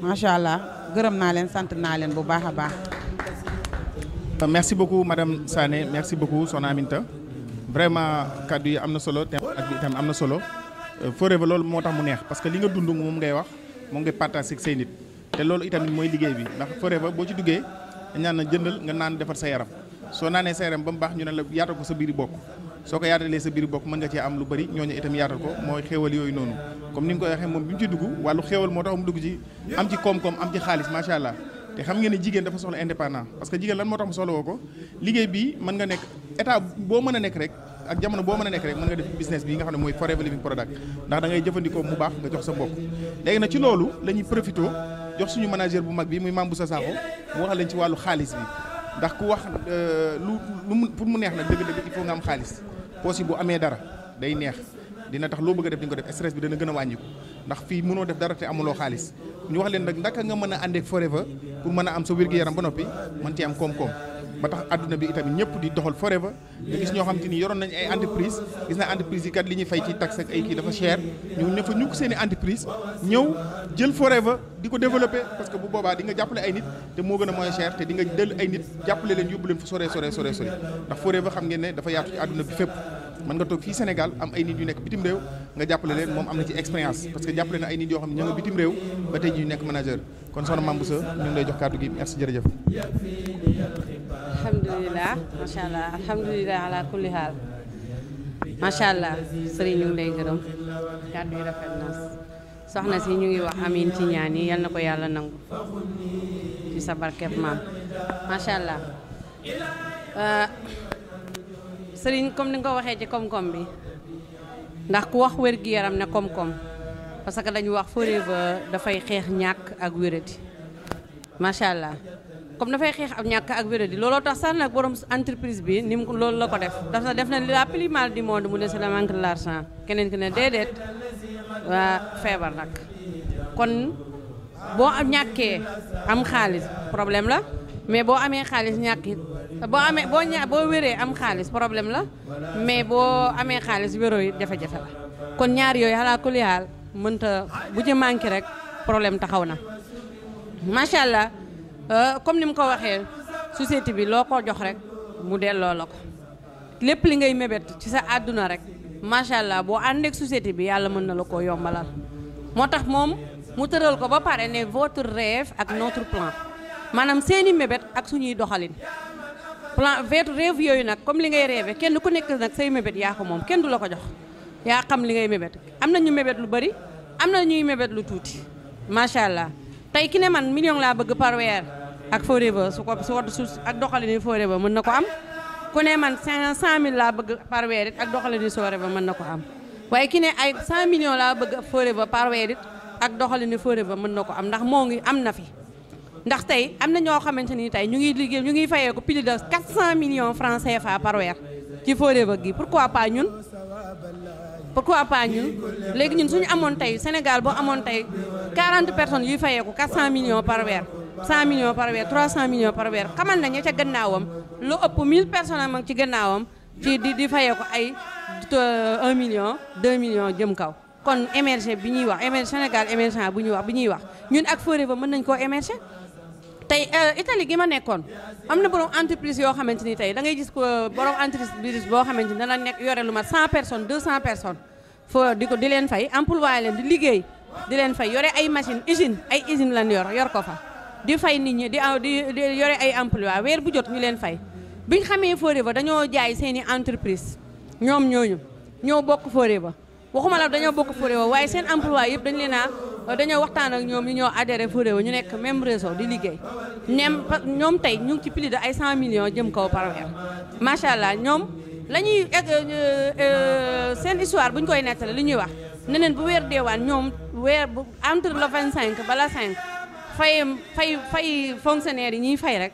macha allah gërëm naa leen sant naa leen bu baax a baax. merci beaucoup madame Sané merci beaucoup Soxna Aminta vraiment kàddu yi am na solo thème ak bi itam am na solo euh, Forever loolu moo tax mu neex parce que li nga dund moom ngay wax moom ngay partage ak say nit. te loolu itamit mooy liggéey bi ndax Forever boo ci duggee ñaan na jëndal nga naan defar sa yaram soo naanee sa yaram ba mu baax ñu ne la yaatal ko sa biir bokk soo ko yaatalee sa biir bokk mën nga cee am lu bari ñooñu itam yaatal ko mooy xéewal yooyu noonu comme ni nga ko axee moom bi mu ci dugg wàllu xéewal moo tax mu dugg ci am ci koom-koom am ci xaalis macha allah te xam ngeen ne jigéen dafa soxla indépendant parce que jigéen lan moo tax mu soxla woo ko liggéey bi mën nekk état boo mën a nekk rek ak jamono boo mën a nekk rek mën nga def business bi nga xam mooy Forever Living Product ndax da ngay jëfandikoo mu baax nga jox sa mbokk léegi na ci loolu la jox suñu manager bu mag bi muy Mame sa Sakho mu wax leen ci wàllu xaalis bi ndax ku wax euh, lu lu mu pour mu neex nag dëgg-dëgg il faut nga am xaalis poche yi bu amee dara day neex dina tax loo bëgg a def di nga ko def stress bi dana gën a wàññiku ndax fii mënoo def dara te amuloo xaalis ñu wax leen nag ndaka nga mën a àndeek forever pour mën a am sa wir gu yaram ba noppi mën ci am koom-koom ba tax adduna bi itamit ñëpp di doxal forever nga gis ñoo xam te ni yoroon nañ ay entreprise gis naa entreprise yi kat li ñuy fay ci taxe ak ay kii dafa cher ñëw ne fa ñukk jël forever ko développer parce que bu boobaa nga jàppale ay nit te moo gën a moins cher ne dafa yaatu ci adduna bi fépp mën am ay nit yu nekk bitim réew nga jàppale leen moom am na ci expérience parce que jàppale na ay nit yoo xam ne nekk manager kon soxna Mame Bousso ñu ngi jox kàddu gi merci jërëjëf alhamdulilah macha allah alhamdulilah ala kulli macha allah sëriñ ñu ngi lay gërëm kàddu yi rafet na soxna si ñu ngi wax amiin ci ñaan yi yal na ko yàlla nangu ci sa barkeb maam macha allah euh, sëriñ comme ni nga ko waxee ci koom-koom bi ndax ku wax wér-gi-yaram ne koom-koom parce que dañu wax forever dafay xeex ñàkk ak wérati macha allah comme dafay xeex ak ñàkk ak wéradi looloo tax sax nag borom entreprise bi ni mu loolu la ko def daf na def na la plus mal du monde mu ne c'est le manque de keneen ki ne déedéet waa feebar nag kon boo ñàkkee am xaalis problème la mais boo amee xaalis ñàkk it boo amee boo ña boo wéree am xaalis problème la mais boo amee xaalis wéroo it jafe-jafe la kon ñaar yooyu xalaa kuliyaal mënta bu ci manqué rek problème taxaw na macha allah. Euh, comme ni mu ko waxee société bi loo ko jox rek mu delloo la ko lépp li ngay mébét ci sa àdduna rek macha allah boo àndeek société bi yàlla mën na la koo yombalal moo tax moom mu tëral ko ba pare ne votre rêve ak notre plan maanaam seeni mébét ak suñuy doxalin plan votre rêve yooyu nag comme li ngay rêvé kenn ku nekk nag say mébét yaa ko moom kenn du la ko jox yaa xam li ngay mébét am na ñu mebet lu bari am na ñuy mébét lu tuuti macha allah. tey ki ne man million laa bëgg par weer ak forever su ko su wad su ak doxalin forever mën na ko am ku ne man cinq cent mille laa bëgg par weer it ak doxalin forever na ko am waaye ki ne ay cent million laa bëgg forever par weer it ak doxalin forever mën na ko am ndax moo ngi am na fi ndax tey am na ñoo xamante ni tey ñu ngi liggéey ñu ngi fayee ko plus de 400 millions francs CFA par weer ci forever gi pourquoi pas ñun pourquoi pas ñun léegi ñun suñu amoon tey Sénégal boo amoon tey 40 personnes yuy fayeeku 400 millions par weer 100 millions par weer 300 millions par weer xamal na ña ca gànnaawam lu ëpp 1000 personnes am ci gànnaawam ci di di fayeeku ay 1 euh, million 2 millions jëm kaw. kon émerger bi ñuy wax émerger Sénégal émergent bu ñuy wax bi ñuy wax ñun ak Forever mën nañ koo émerger tey euh, Italie gi ma nekkoon am na borom entreprise yoo xamante ni tey da ngay gis ko euh, borom entreprise boo xamante ni dana nekk yore lu mat 100 personnes 200 personnes foo di ko di fay employé leen di liggéey. di leen fay yore ay machine usine ay usine lan yor yor ko fa di fay nit ñi di di yore ay emploi weer bu jot ñu leen fay biñ xamee Forever dañoo jaay seeni entreprise ñoom ñooñu ñoo bokk Forever waxuma la dañoo bokk Forever waaye seen emploi yëpp dañ leen a dañoo waxtaan ak ñoom ñu ñoo adhéré Forever ñu nekk même réseau di liggéey nem ñoom tey ñu ngi ci plus de ay cent millions jëm kaw par weer macha allah ñoom la ñuy eh, eh, eh, seen histoire bu ñu koy nettale li ñuy wax neneen bu weer deewaan ñoom weer bu entre le 25 ba la 5 fay fay fay fonctionnaire yi ñuy fay rek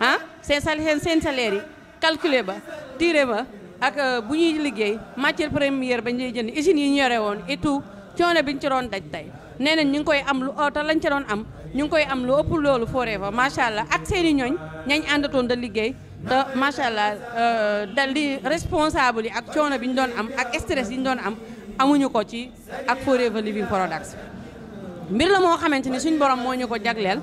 ah seen seen seen salaire yi calculer ba tiré ba ak euh, bu ñuy liggéey matière première ba ñuy jënd usines yi ñu yore woon et tout coono bi ñu ci doon daj tey nee nañ ñu ngi koy am lu oto lañ ci doon am ñu ngi koy am lu ëpp loolu fooree fa macha allah ak seeni i ñooñ ñañ àndatoon da liggéey da macha allah euh, dal di responsable yi ak coono bi ñu doon am ak stress yi ñu doon am. amuñu ko ci ak Forever Living Products mbir la moo xamante ni suñ borom moo ñu ko jagleel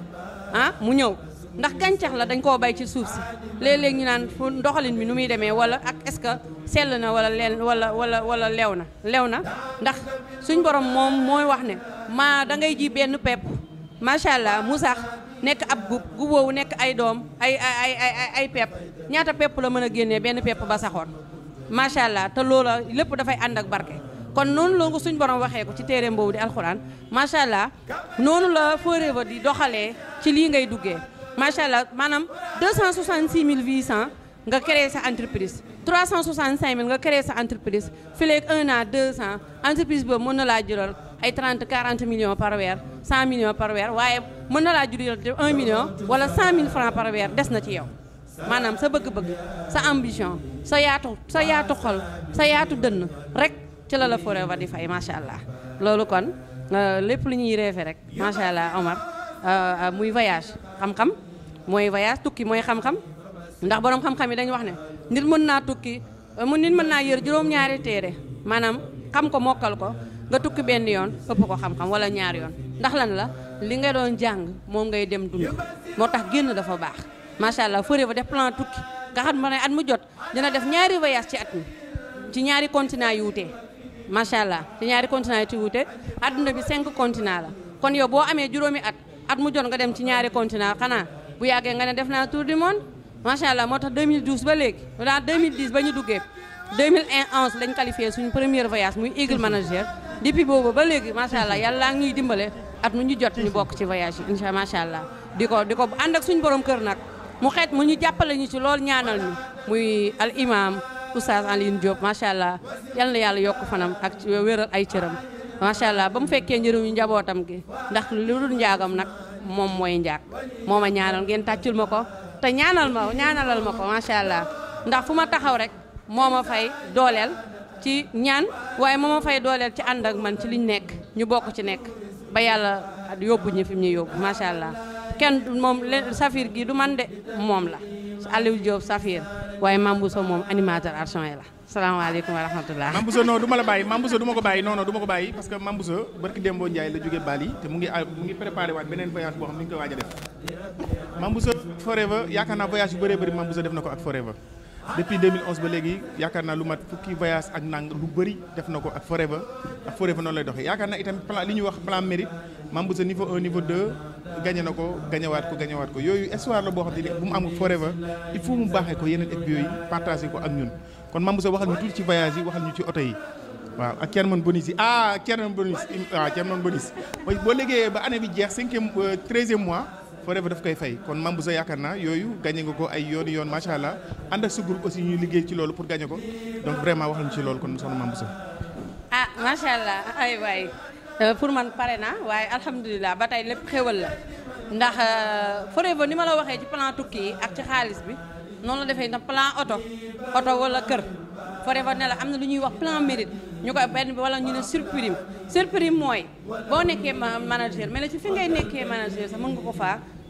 ah mu ñëw ndax gàncax la dañ koo bay ci suuf si léeg-léeg ñu naan fu ndoxalin bi nu muy demee wala ak est-ce que sell na wala leen wala wala wala leew na leew na ndax suñ borom moom mooy wax ne maa da ngay ji benn pepp macha allah mu sax nekk ab gub gub wu nekk ay doom ay ay ay ay pepp ñaata pepp la mën a génnee benn pepp ba saxoon macha allah te loola lépp dafay ànd ak barke kon noonu la ko suñ borom waxee ko ci téere boobu di alxuraan macha allah noonu la Forever di doxalee ci lii ngay duggee macha allah maanaam 266 800 nga créé sa entreprise 365 000 nga créé sa entreprise fileeg 1 an 2 ans entreprise boobu mën na laa jural ay 30 40 million par weer 100 millions par weer waaye mën na laa jural 1 million wala 100 000 francs par weer des na ci yow. maanaam sa bëgg-bëgg sa ambition sa yaatu sa yaatu xol sa yaatu dënn rek. ci la la Forever di fay macha allah loolu kon euh, lépp lu ñuy reefe rek macha allah Omar euh, euh, muy voyage xam-xam mooy voyage tukki mooy xam-xam ndax borom xam-xam yi dañu wax ne nit mën naa tukki mu nit mën naa yër juróom-ñaari téere maanaam xam ko mokkal ko nga tukki benn yoon ëpp ko xam-xam wala ñaar yoon ndax lan la li nga doon jàng moom ngay dem dund moo tax génn dafa baax macha allah Forever def plan tukki nga xam ne at mu jot dina def ñaari voyage ci at mi ci ñaari continent yu macha allah ci ñaari continent yi ci bi cinq continent la kon yow boo amee juróomi at at mu jot nga dem ci ñaari continent xanaa bu yàggee nga ne def naa tour du monde macha allah moo tax 2012 ba léegi dans 2010 ba ñu duggee 2011 lañ qualifié suñu premier voyage muy Eagle Manager depuis boobu ba léegi macha allah yàlla ngi ñuy dimbale at mu ñu jot ñu bokk ci voyage yi incha allah di ko di ko ànd ak suñu borom kër nag mu xeet mu ñu jàppale ñu ci lool ñaanal ñu muy al imam oustaz Alioune Diop macha allah yal na yàlla yokk fanam ak wéral ay cëram macha allah ba mu fekkee njëriñu njabootam gi ndax lu dul njaagam nag moom mooy njaag moom ma ñaanal ngeen tàccul ma ko te ñaanal ma ñaanalal ma ko macha allah ndax fu ma taxaw rek moo ma fay dooleel ci ñaan waaye moo ma fay dooleel ci ànd ak man ci liñ nekk ñu bokk ci nekk ba yàlla yóbbu ñu fi mu ñu yóbbu macha allah kenn moom safir gi du man de moom la Aliou Diop safir waaye Mame Bousso moom animateur arts et la salaamaaleykum wa rahmatulah. Mame Bousso non ma la bàyyi Mame Bousso ko bàyyi non non ko bàyyi parce que Mame Bousso barki Dembo Ndiaye la jóge Bali te mu ngi ah, mu ngi préparé waat beneen boo xam ne mi koy waaj a def Mame Bousso forever yaakaar naa voyage yu bëree bëri Mame def na ko ak forever depuis 2011 ba léegi yaakaar naa lu mat fukki voyage ak nang lu bëri def na ko ak Forever ak Forever noonu lay doxee yaakaar naa itam plan li ñuy wax plan mérite Mambusa niveau 1 niveau 2 gagné na ko gañewaat ko gañewaat ko yooyu histoire la boo xam ne bu mu amul Forever il faut mu baaxee ko yeneen épi yooyu partagé ko ak ñun kon Mambusa waxal ñu tuuti ci voyage yi waxal ñu ci oto yi waaw ak Thierno Bonis yi ah Thierno Bonis waaw ah, Thierno Bonis boo liggéeyee ba année bi jeex cinquième euh, treizième mois forever daf koy fay kon Mame Bousso yaakaar naa yooyu gagné nga ko ay yoon yoon macha allah ànd ak sa groupe aussi ñuy liggéey ci loolu pour gagné ko donc vraiment wax nañu ci loolu kon soxna Mame Bousso. ah macha allah ay waay euh, pour man pare naa waaye alhamdulillah ba tey lépp xéwal la ndax euh, forever ni ma la waxee ci plan tukki yi ak ci xaalis bi noonu la defee na plan oto oto wala kër forever ne am na lu ñuy wax plan mérite ñu koy benn bi wala ñu ne surprime surprime mooy boo nekkee manager mais la ci fi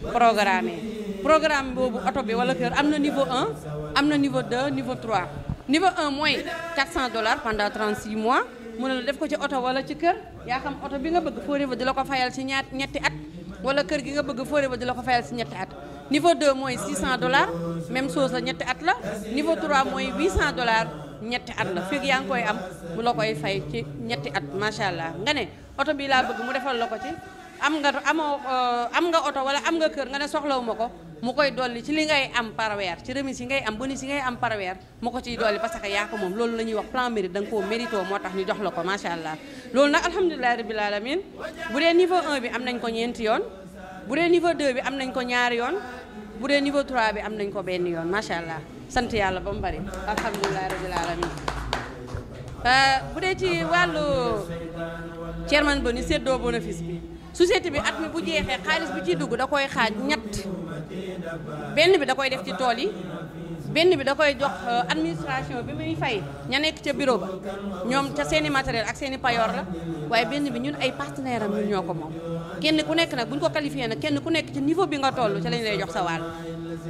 programme programme boobu oto bi wala kër am na niveau 1 am na niveau 2 niveau 3 niveau 1 mooy 400 dollars pendant 36 mois mu ne la def ko ci oto wala ci kër yaa xam oto bi nga bëgg Forever di la ko fayal ci ñaar ñetti wala kër gi nga bëgg Forever di la ko fayal ci ñetti at niveau 2 mooy 600 dollars même chose la ñetti at la niveau 3 mooy 800 dollars ñetti at la fekk yaa koy am mu la koy fay ci ñetti at macha allah nga ne oto bi laa bëgg mu defal la ko ci. am nga amoo uh, am nga oto wala am nga kër nga ne soxlawuma ko mu koy dolli ci li ngay am parweer ci remise yi ngay am bonus si ngay am par weer mu ko ciy dolli parce que yaa ko moom loolu la ñuy wax plan mérite da nga moo tax ñu jox la ko macha allah. loolu nag alhamdulilah rabbil alamin bu dee niveau 1 bi am nañ ko ñeenti yoon bu dee niveau 2 bi am nañ ko ñaari yoon bu dee niveau 3 bi am nañ ko benn yoon macha allah sant yàlla ba mu bari alhamdulilah rabbil alamin uh, bu dee ci wàllu chairman ba ni séddoo bénéfice bi. su société bi at mi bu jeexee xaalis bi ciy dugg da koy xaaj ñett benn bi da koy def ci tool yi benn bi da koy jox euh, administration bi muy fay ña nekk ca bureau ba ñoom ca seeni matériel ak seeni payoor la waaye benn bi ñun ay partenaire ñun ñoo ko moom kenn ku nekk nag bu ñu ko qualifié nag kenn ku nekk ci niveau bi nga toll ci lañ lay jox sa wàll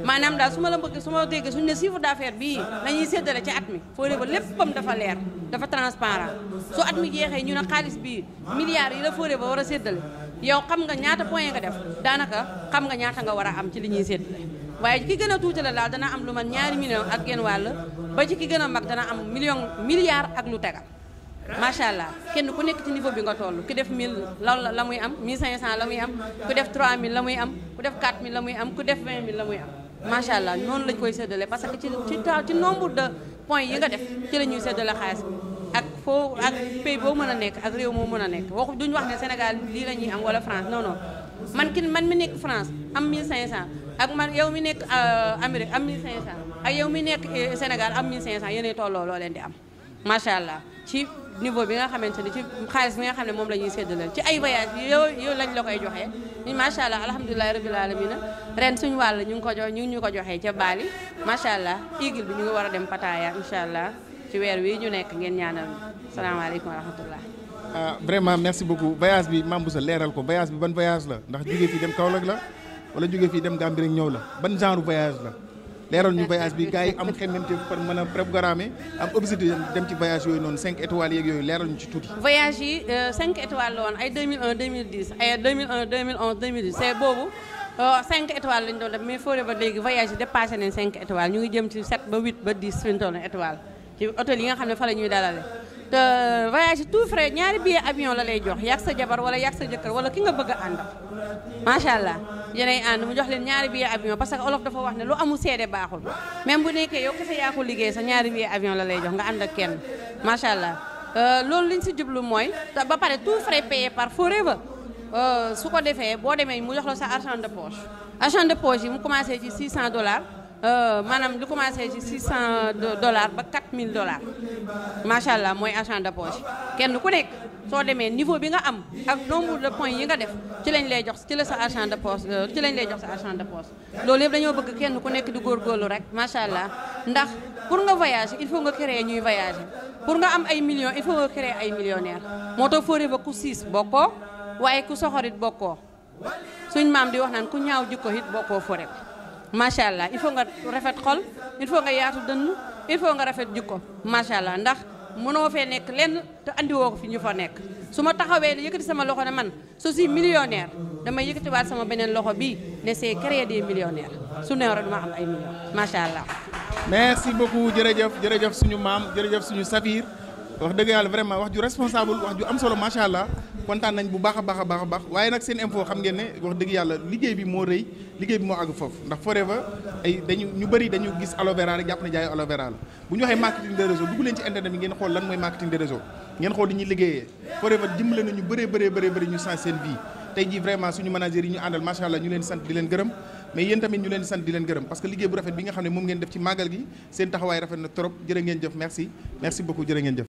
maanaam daal su ma la bëgg su ma déggee suñu ne chiffre d'affaires bii la séddale ci at mi foo ba léppam dafa leer dafa transparent su at mi jeexee ñu ne xaalis bii milliards yi la fóoree ba war a séddale yow xam nga ñaata point nga def daanaka xam nga ñaata nga war a am ci li ñuy séddale waaye ki gën a tuuti la daal dana am lu man ñaari million ak genn wàll ba ci ki gën a mag dana am million milliar ak lu tegal macha allah kenn ku nekk ci niveau bi nga toll ku def 1000 la la muy am 1500 la muy am ku def 3000 la muy am ku def 4000 la muy am ku def 20000 la muy am macha allah noonu lañ koy séddale parce que ci ci ci nombre de points yi nga def ci la ñuy séddale xaalis bi ak foo ak pays boo mën a nekk ak réew moo mën a nekk waxu duñu wax ne Sénégal lii la ñuy am wala France non non man ki man mi nekk France am 1500 ak man yow mi nekk euh, Amérique am 1500 ak yow mi nekk euh, Sénégal am 1500 yéenay tolloo loo leen di am macha allah ci niveau bi nga xamante ni ci xaalis bi nga xam ne moom la ñuy séddale ci ay voyage yow yow lañ la koy joxee macha allah alhamdulilah rabil alamina ren suñ wàll ñu ngi ko jox ñu ñu ko joxee ca Bali macha allah igle bi ñu ngi war a dem Pataya incha allah. ci weer wi ñu nekk ngeen ñaanal salaamaaleykum wa rahmatullah ah vraiment merci beaucoup voyage bi Mame Bousso leeral ko voyage bi ban voyage la ndax jógee fii dem Kaolack la wala jógee fii dem Gambie ñëw la ban genre voyage la leeral ñu voyage bi gars am xemmante a programmer am objectif yooyu noonu 5 étoiles yooyu leeral ñu ci tuuti. voyage yi 5 euh, étoiles la woon ay 2001 2010 ay 2001 2011 2010 c'est boobu. Euh, cinq étoiles lañ doon def mais foo ba léegi ci hôtel yi nga xam ne fa la ñuy dalale te voyage tout frais ñaari billet avion la lay jox yàgg sa jabar wala yàgg sa jëkkër wala ki nga bëgg ànd macha allah yeneen ànd mu jox leen ñaari billet avion parce que olof dafa wax ne lu amul seede baaxul même bu nekkee yow kese yaa liggéey sa ñaari billet avion la lay jox nga ànd ak kenn macha allah euh, loolu liñ si jublu mooy ba pare tout frais payé par Forever euh, su ko defee boo demee mu jox la sa argent de poche argent de poche yi mu commencé ci Euh, maanaam lu commencé ci cent dollars ba 4000 dollars macha allah mooy agent de poche kenn ku nekk soo demee niveau bi nga am ak nombre de points yi nga def ci lañ lay jox ci la sa agent de poche euh, ci lañ lay jox sa agent de poche loolu yëpp dañoo bëgg kenn ku nekk di góorgóorlu rek macha allah ndax pour nga voyage il faut nga créer ñuy voyage pour nga am ay million il faut nga créer ay millionnaires moo tax ba ku siis bokkoo waaye ku soxorit bokkoo suñ maam di wax naan ku ñaaw jikko it bokkoo Forever macha allah il faut nga rafet xol il faut nga yaatu dënn il faut nga rafet jikko macha allah ndax mënoo fee nekk lenn te andiwoo ko fi ñu fa nekk su ma taxawee yëkkati sama loxo ne man su si millionnaire damay yëkkatiwaat sama beneen loxo bii ne c'est créer des millionnaires su neew rek ma am ay millions macha allah. merci beaucoup jërëjëf jërëjëf suñu maam jërëjëf suñu Safir. wax dëgg yàlla vraiment wax ju responsable wax ju am solo macha kontaan nañ bu baax a baax a baax a waaye nag seen info xam ngeen ne wax dëgg yàlla liggéey bi moo rëy liggéey bi moo àgg foofu ndax forever ay dañu ñu bëri dañu gis aloe jàpp na jaayu aloe vera la bu ñu waxee marketing de réseau dugg leen ci internet bi ngeen xool lan mooy marketing de réseau ngeen xool li ñuy liggéeyee forever dimbale nañu bëree bëree bëree bëri ñu sens seen vie tey